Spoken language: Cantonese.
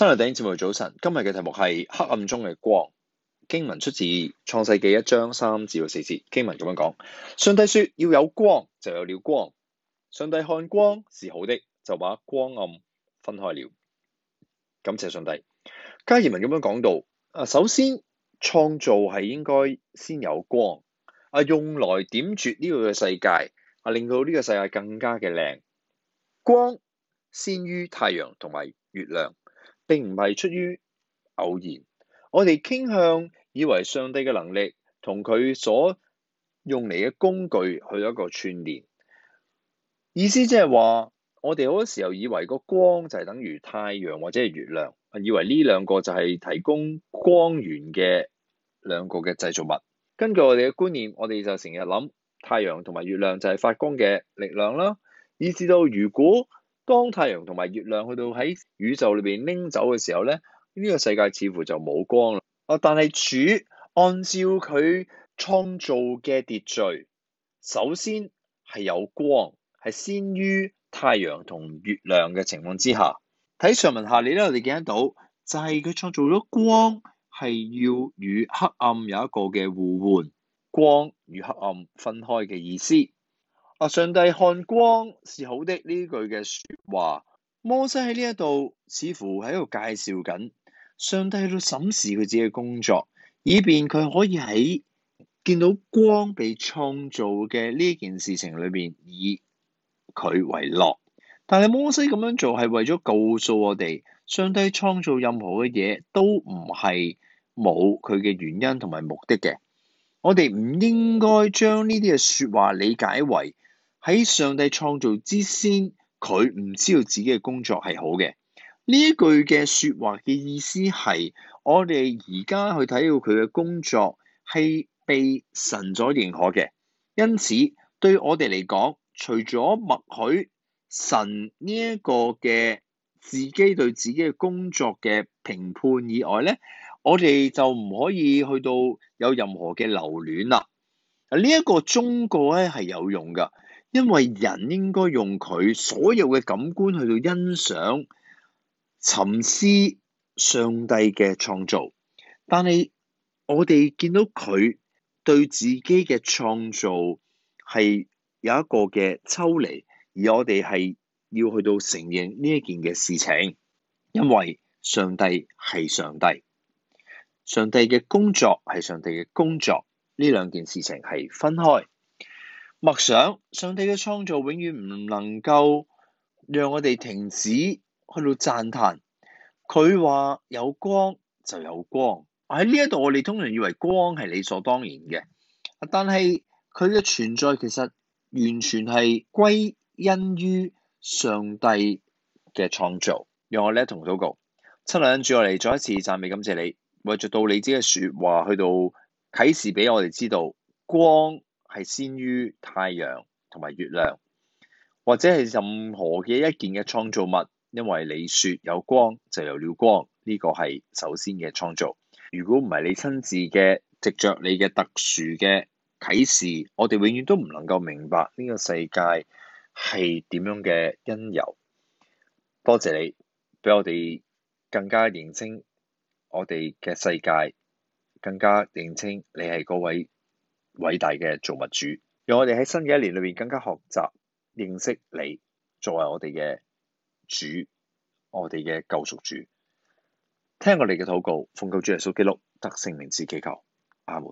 三六零節目早晨，今日嘅題目係黑暗中嘅光。經文出自創世記一章三至到四節，經文咁樣講：上帝說要有光，就有了光。上帝看光是好的，就把光暗分開了。感謝上帝。加爾文咁樣講到：啊，首先創造係應該先有光，啊用來點綴呢個世界，啊令到呢個世界更加嘅靚。光先於太陽同埋月亮。並唔係出於偶然，我哋傾向以為上帝嘅能力同佢所用嚟嘅工具去一個串聯，意思即係話我哋好多時候以為個光就係等於太陽或者係月亮，以為呢兩個就係提供光源嘅兩個嘅製造物。根據我哋嘅觀念，我哋就成日諗太陽同埋月亮就係發光嘅力量啦。以至到如果當太陽同埋月亮去到喺宇宙裏邊拎走嘅時候咧，呢、這個世界似乎就冇光啦。啊！但係主按照佢創造嘅秩序，首先係有光，係先於太陽同月亮嘅情況之下。睇上文下理咧，我哋見得到就係、是、佢創造咗光，係要與黑暗有一個嘅互換，光與黑暗分開嘅意思。啊！上帝看光是好的呢句嘅説話，摩西喺呢一度似乎喺度介紹緊上帝喺度審視佢自己嘅工作，以便佢可以喺見到光被創造嘅呢件事情裏邊以佢為樂。但係摩西咁樣做係為咗告訴我哋，上帝創造任何嘅嘢都唔係冇佢嘅原因同埋目的嘅。我哋唔應該將呢啲嘅説話理解為。喺上帝創造之先，佢唔知道自己嘅工作係好嘅。呢一句嘅説話嘅意思係：我哋而家去睇到佢嘅工作係被神所認可嘅。因此對我哋嚟講，除咗默許神呢一個嘅自己對自己嘅工作嘅評判以外咧，我哋就唔可以去到有任何嘅留戀啦。呢一個忠告咧係有用㗎。因為人應該用佢所有嘅感官去到欣賞、沉思上帝嘅創造，但係我哋見到佢對自己嘅創造係有一個嘅抽離，而我哋係要去到承認呢一件嘅事情，因為上帝係上帝，上帝嘅工作係上帝嘅工作，呢兩件事情係分開。默想，上帝嘅創造永遠唔能夠讓我哋停止去到讚歎。佢話有光就有光，喺呢一度，我哋通常以為光係理所當然嘅，但係佢嘅存在其實完全係歸因於上帝嘅創造。讓我呢一同禱告，親愛嘅主，我嚟再一次讚美感謝你，為著到你自己嘅説話去到啟示俾我哋知道光。係先於太陽同埋月亮，或者係任何嘅一件嘅創造物，因為你説有光，就有了光，呢個係首先嘅創造。如果唔係你親自嘅，藉着你嘅特殊嘅啟示，我哋永遠都唔能夠明白呢個世界係點樣嘅因由。多謝你俾我哋更加認清我哋嘅世界，更加認清你係嗰位。偉大嘅造物主，讓我哋喺新嘅一年裏面更加學習認識你，作為我哋嘅主，我哋嘅救贖主。聽我哋嘅禱告，奉救主耶穌基督得聖名字祈求，阿門。